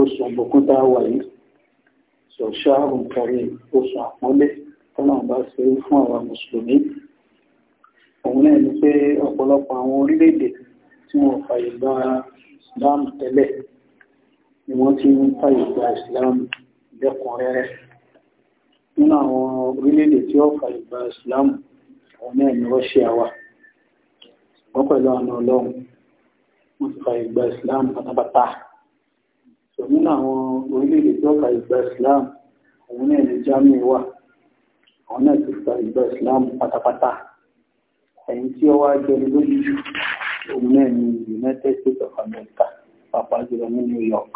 oṣù àbùkún tá a wà yìí ṣọ̀ṣọ́ àrùn kẹrì oṣù àpọ́nlé tọ́lọ́n bá ṣe fún àwọn mùsùlùmí òun náà ni pé ọ̀pọ̀lọpọ̀ àwọn orílẹ̀-èdè tí wọ́n fàyè gba ìsìláàmù tẹ́lẹ̀ ni wọ́n ti ń fàyè gba ìsìláàmù lẹ́kùnrẹ́rẹ́ nínú àwọn orílẹ̀-èdè tí ó fàyè gba Islam àwọn náà ni Rọ́ṣíà wà wọ́n pẹ̀lú àwọn ọlọ́run wọ́n ti fàyè gba ìsìláàmù pátápátá nínú àwọn orílẹ̀-èdè tó ìgbà islam òun náà ní germany wà àwọn náà ti gba ìgbà islam pátápátá ẹ̀yìn tí ó wá jẹni lójú òun náà ní united states of america pàápàá jùlọ ní new york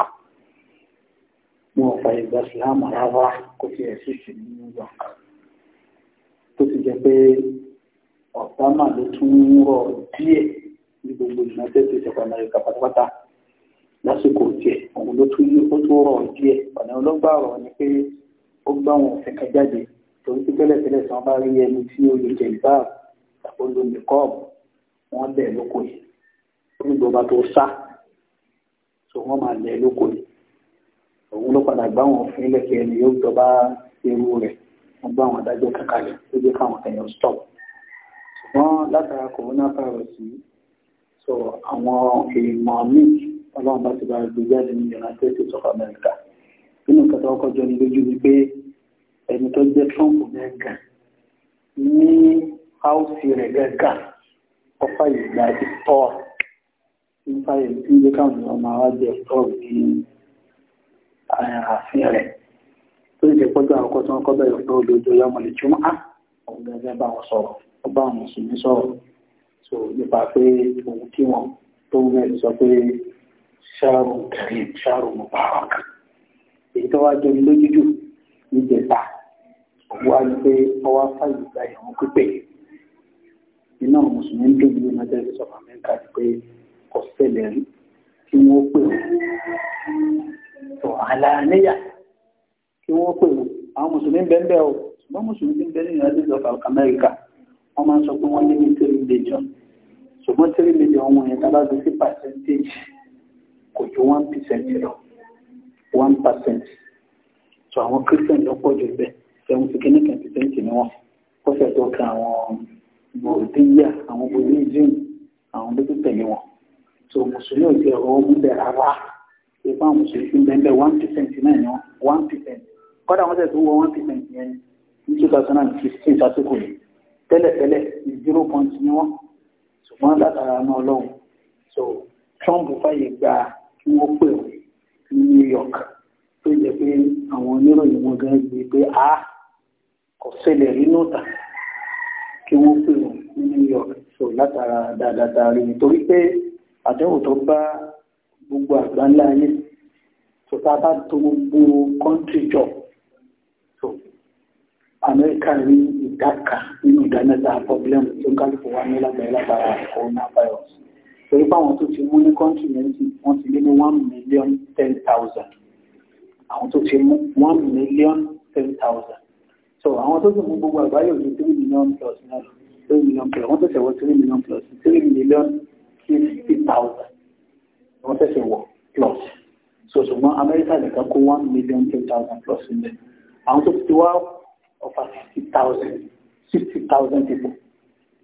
wọn fa ìgbà islam rárá kò sí ẹ̀sùn sí ní new york tó ti jẹ pé obama ló tún rọ díẹ̀ ní gbogbo united states of america pátápátá lásìkò tiẹ̀ òun ló tún ó tó rọ̀ díẹ̀ ọ̀nà ọlọ́gbà rọ̀ ni pé ó gbá wọn òfin kan jáde torí pé tẹ́lẹ̀tẹ́lẹ̀ tí wọ́n bá rí ẹni tí ó lè jẹ ìbáà tàbí olómi kọ́ọ̀bù wọ́n bẹ̀ lóko yìí onígbọba tó sá so wọ́n máa lẹ̀ lóko yìí òun ló padà gbá wọn òfin lẹ́kẹ̀ ẹni yóò jọba irú rẹ̀ wọ́n gbá wọn adájọ́ kankalẹ̀ tó jẹ́ káwọn èèyàn stop ṣùgbọ́n látara kòrónà fáwọn sí àwọn èèmọ̀ míì ọlọ́run bá ti bá gbé jáde ní united states of america nínú kẹta ọkọ̀ jọ ní lójú ni pé ẹni tó jẹ́ trump gẹ́gà ní áùsì rẹ̀ gẹ́gà ọfà ìgbà ìtọ́ nípa èyí tí ó káwọn èèyàn máa wá jẹ ìtọ́ ní eh, ààfin rẹ̀ tó ń jẹ́ pọ́jọ́ àkọ́kọ́ tí wọ́n kọ́ bẹ̀rẹ̀ pé olóòjọ́ yọmọ lè túmọ̀ á òun gẹ́gẹ́ bá wọn sọ̀rọ̀ ó bá wọn sùn ní sọ̀rọ̀ nípa pé òun kí wọn tó ń rẹ̀ sọ pé ṣáàrù kẹrin ṣáàrù mubarak èyí tó wá jẹun lójújù níjẹta wá ní pé ọwá fàyè gba ìyàwó pípé iná mùsùlùmí ń dùn ní united states of america ni pé kò ṣẹlẹ̀ rí kí wọ́n pè wọ́n tó àlàáníyà kí wọ́n pè wọ́n àwọn mùsùlùmí bẹ́ẹ̀ bẹ́ẹ̀ o ṣùgbọ́n mùsùlùmí ti ń bẹ́ẹ̀ ní united states of america wọ́n máa ń sọ pé wọ́n ní ní three million ṣùgbọ́n three million wọn yẹn tábà gbé sí percentage kò ju one percent lọ one percent so àwọn christian ló pọ̀ jù bẹ́ẹ̀ seventy kìíní kan percent ni wọ́n kọ́sẹ̀ tó kan àwọn bòdíyà àwọn bòdíjìn àwọn tó tẹ̀lé wọn so mùsùlùmí ò jẹ́ ọ̀rọ̀ ọmú bẹ̀ rárá ipa mùsùlùmí ń bẹ́ẹ̀ one percent náà ni wọ́n one percent kọ́dà wọ́n tẹ̀ tó wọ one percent yẹn ní two thousand and fifteen sásìkò yìí tẹ́lẹ̀tẹ́lẹ̀ ní zero point ni wọ́n ṣùgbọ́n látara náà lọ́wọ́ so Trump fàyè gba kí wọ́n pè ọ́ sí New York tó jẹ́ pé àwọn oníròyìn wọn gan gbé pé a kò ṣẹlẹ̀ rí nùtà kí wọ́n pè ọ́ sí New York so látara dáadáa rí nítorí pé àdéhùn tó bá gbogbo àgbáńlá ayé so tá a bá tò gbogbo kọ́ńtì jọ so amẹ́ríkà rí ìdá kan nínú ìdá mẹ́ta problem tó ń kálukú wa ní lágbàá lágbàá coronavirus torí báwọn tó ti mú ní kọ́ńtìnẹ́ǹtì wọ́n ti lé ní one million ten thousand àwọn tó ti mú one million ten thousand so àwọn tó ti mú gbogbo àgbáyé òní three million plus náà three million plus wọ́n tẹ̀sẹ̀ wọ three million plus three million fifty thousand wọ́n tẹ̀sẹ̀ wọ plus so ṣùgbọ́n Amẹ́ríkà nìkan kó one million ten thousand plus nílẹ̀ àwọn tó ti wá ọ̀fà sixty thousand sixty thousand people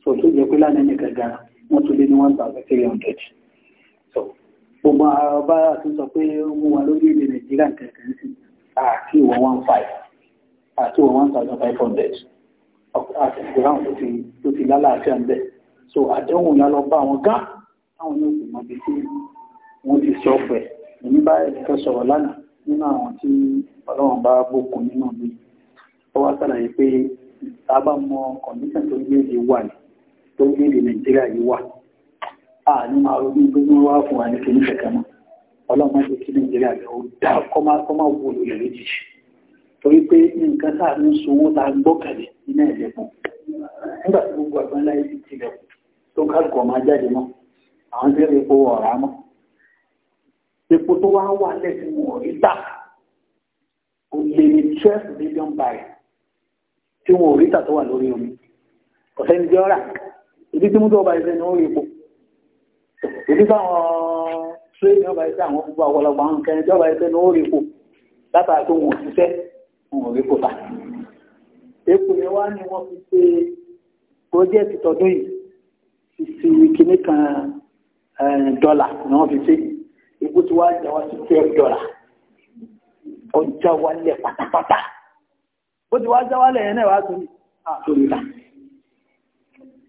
so tó yẹ pé lánàá nìkan gan wọ́n tó lé ní one thousand three hundred so gbogbo àwọn ọba àti sọ pé mo wà lórílẹ̀-èdè nàìjíríà kẹ̀kẹ́ sí àti ìwọ one five àti ìwọ one thousand five hundred àti ìgbéhàn tó ti tó ti lálàáfíà ń bẹ̀ so àdéhùn yà lọ bá àwọn gán àwọn yóò sì mọ bí tí wọ́n ti sọ pẹ̀ èmi bá ẹ̀kẹ́ sọ̀rọ̀ lánàá nínú àwọn tí ọlọ́run bá bókun nínú mi ó wá sàlàyé pé tá a bá mọ kọ̀ǹdíṣàn tó gbé èdè wà ní tó ń lédè nàìjíríà yìí wà a ní máa ronú pé wọ́n wá fún wa ní kí ní kẹ̀kẹ́ mọ́ ọlọ́run jẹ́ kí nàìjíríà yìí ó dá kọ́ máa wo olùyẹ̀ lójijì torí pé nǹkan sáà ń sunwó ta gbọ́kànlé nínú ẹ̀lẹ́kùn nígbà tí gbogbo àgbọ̀n láyé ti tilẹ̀ tó ń kálukọ̀ máa jáde mọ́ àwọn tí epo ọ̀rá mọ́ epo tó wá wà lẹ́sìn wọn rí tà kò lè ní twelve billion barrel tí wọn ò rí tà tó wà lórí omi ọ̀sẹ̀ ní bí ibi tí mútó ọba ìfẹ́ ni ó rí ipò ibi táwọn tírénì ọba ìfẹ́ àwọn gbogbo àwọlọgbà àwọn kẹrin tí ọba ìfẹ́ ni ó rí ipò látara tó wọn ṣiṣẹ́ wọn rí ipò ta epo yẹn wá ní wọn fi ṣe pọ́jẹ́tì tọdún yìí fífi kìíní kan eh, dọ́là ni wọ́n fi ṣe ipò tí wàá jẹ́ wá sí twelve dọ́là ọjà wálẹ̀ pátápátá bó ti wá já yẹn náà wá sí ah, àtòlùdà.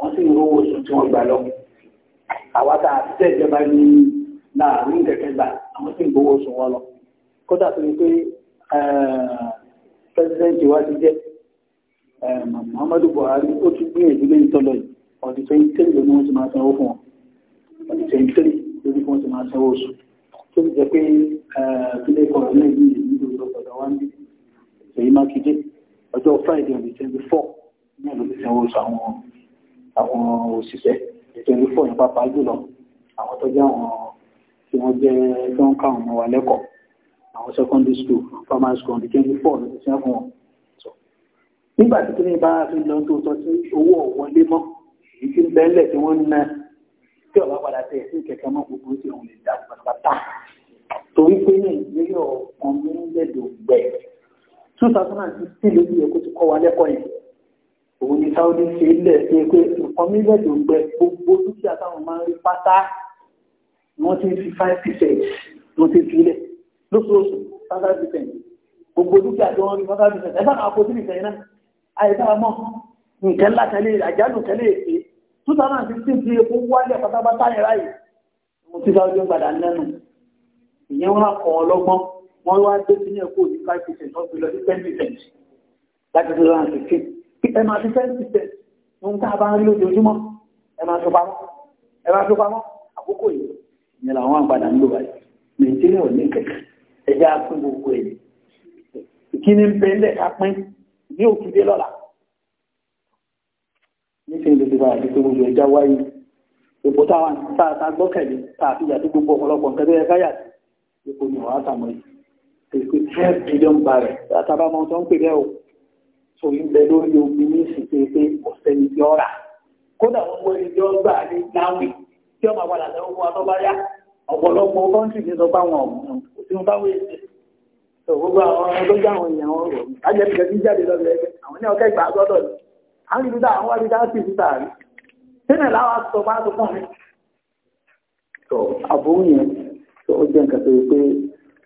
wọ́n sì ń rówó oṣù tí wọ́n gbà lọ. àwa tá a tẹ́ ìjọba ní láàrin kẹ̀kẹ́ gbà àwọn sì ń gbowó oṣù wọn lọ. kódà tó ní pé pẹ́sidẹ́ǹtì wa ti jẹ́ Muhammadu Buhari ó tún gbìyànjú lẹ́yìn tọ́lọ yìí ọdún twenty three ló ní wọ́n ti máa sanwó fún wọn ọdún twenty ló ní wọ́n ti máa sanwó oṣù tó ti jẹ́ pé ọjọ́ Friday ọdún twenty ní ìlú ti sanwó oṣù àwọn ọmọ àwọn òṣìṣẹ́ nítorí fún ìyẹn pàápàá jùlọ àwọn tó jẹ́ àwọn tí wọ́n jẹ́ tó ń káwọn ọmọ wa lẹ́kọ̀ọ́ àwọn secondary school primary school ọdún twenty four ló ti sẹ́fún wọn. nígbà tí kíni bá fi lọ tó tọ́ sí owó ọ̀wọ́lé mọ́ èyí tí ń bẹ́ẹ̀lẹ̀ tí wọ́n ń ná tí ọ̀bá padà tẹ̀ sí kẹ̀kẹ́ mọ́ gbogbo tí òun lè dá pátápátá torí pé ní ìgbéyàwó ọmọ ẹgbẹ̀dọ̀gbẹ̀ two thousand and sixteen ló ti yẹ kó ti kọ́ wa lẹ́kọ̀ọ́ yẹn òun ni Saudi ṣe lẹ̀ ṣe pé nǹkan mílíọ̀nù gbẹ gbogbo dúkìá táwọn máa ń rí pátá wọ́n ti fi five percent wọ́n ti fi lẹ̀ lóṣooṣù five percent gbogbo dúkìá tó ń rí five percent ẹ bá àwọn akọ sílẹ̀ sẹ́yìn náà àìsá mọ́ nǹkan ńlá tẹ̀lé àjálù tẹ̀lé èké two thousand fifteen ti epo wálé pátápátá yẹn ráyè mo ti Saudi gbàdá nẹ́nu ìyẹn wọn kọ̀ ọ́ lọ́gbọ́n wọ́n wá dé sí ní ẹ̀kọ́ ní five percent wọ́n fi lọ sí ten percent láti two thousand fifteen ẹ máa fi ten percent ohun tá a bá ń rí lójoojúmọ́ ẹ máa tó pamọ́ ẹ máa tó pamọ́ àkókò yìí ìyẹn làwọn àgbàdà ń lò wáyé nàìjíríà ò ní kẹ̀kẹ́ ẹjẹ́ apín gbogbo ẹ̀ ìkíní ń bẹ ńlẹ̀ apín ní òkúdé lọ́la níṣẹ́ ìlú ti bá àti pé gbogbo ẹja wáyé epo táwọn tá a gbọ́kẹ̀lé tá a fi yàtí gbogbo ọ̀pọ̀lọpọ̀ nǹkan tó yẹ káyà epo ni ọ̀hán àtàmọ́ yìí pé twelve billion barrel látàbámọ́ tó ń pè sòrí bẹ lórí omi ní ìsìnkú pé tí ó rà kódà wọn wọ ẹni tí ó gbà ní náwìn tí ọmọ àwọn àlàdé wọn wọn bá yá ọ̀pọ̀lọpọ̀ kọ́ńtì ní sọ pé àwọn ọ̀gbọ̀n tí bá wọ èsì tó àwọn ọmọ tó jẹ́ àwọn èèyàn ọ̀rọ̀ lájẹ́ ti gẹ̀ẹ́sì jáde lọ́dọ̀ ẹgbẹ́ àwọn ní ọ̀kẹ́ ìgbà àgọ́dọ̀ ni à ń rí àwọn wáyé dá sí ìsúta rí sínú làwọn aṣọ bá tó fún mi. tó àbúrò yẹn tó jẹ́ nǹkan tó yẹ pé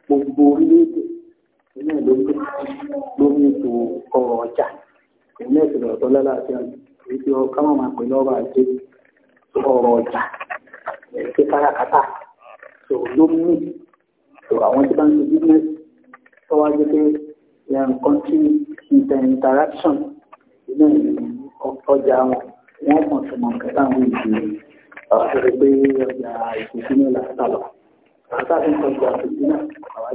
gbogbo orílẹ̀-èdè ilé ìlú lórí ètò ọrọ̀ ọjà ilé ìsìlẹ̀ ọ̀tọ̀ lálàáfíà èyí tí ọkà máa máa pè lọ́rọ̀ ajé ọrọ̀ ọjà ẹ̀ẹ́dẹ́ kárakátà tó lómi tó àwọn tí bá ń ṣe business tó wá jẹ́ pé nǹkan tí interaction ilé ọjà wọn wọ́n mọ̀ tó mọ̀ nǹkan táwọn ìdí ọ̀rọ̀ pé ọjà ìkùsínú làásà lọ ń tọ́jú àkùsínú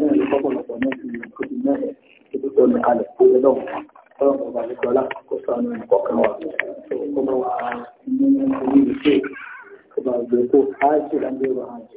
náà lè kọ́pọ̀lọpọ̀ náà ti lè kó ti mẹ́rin tó tó tọ́nu kalẹ̀ kó lé lọ́wọ́ ọlọ́run ọba àlejòọlá kó sànù ìkọ̀kan wa tó kó bá wa ní orí ìṣe kó bá gbé kó áìsì lábẹ́ wa àjẹ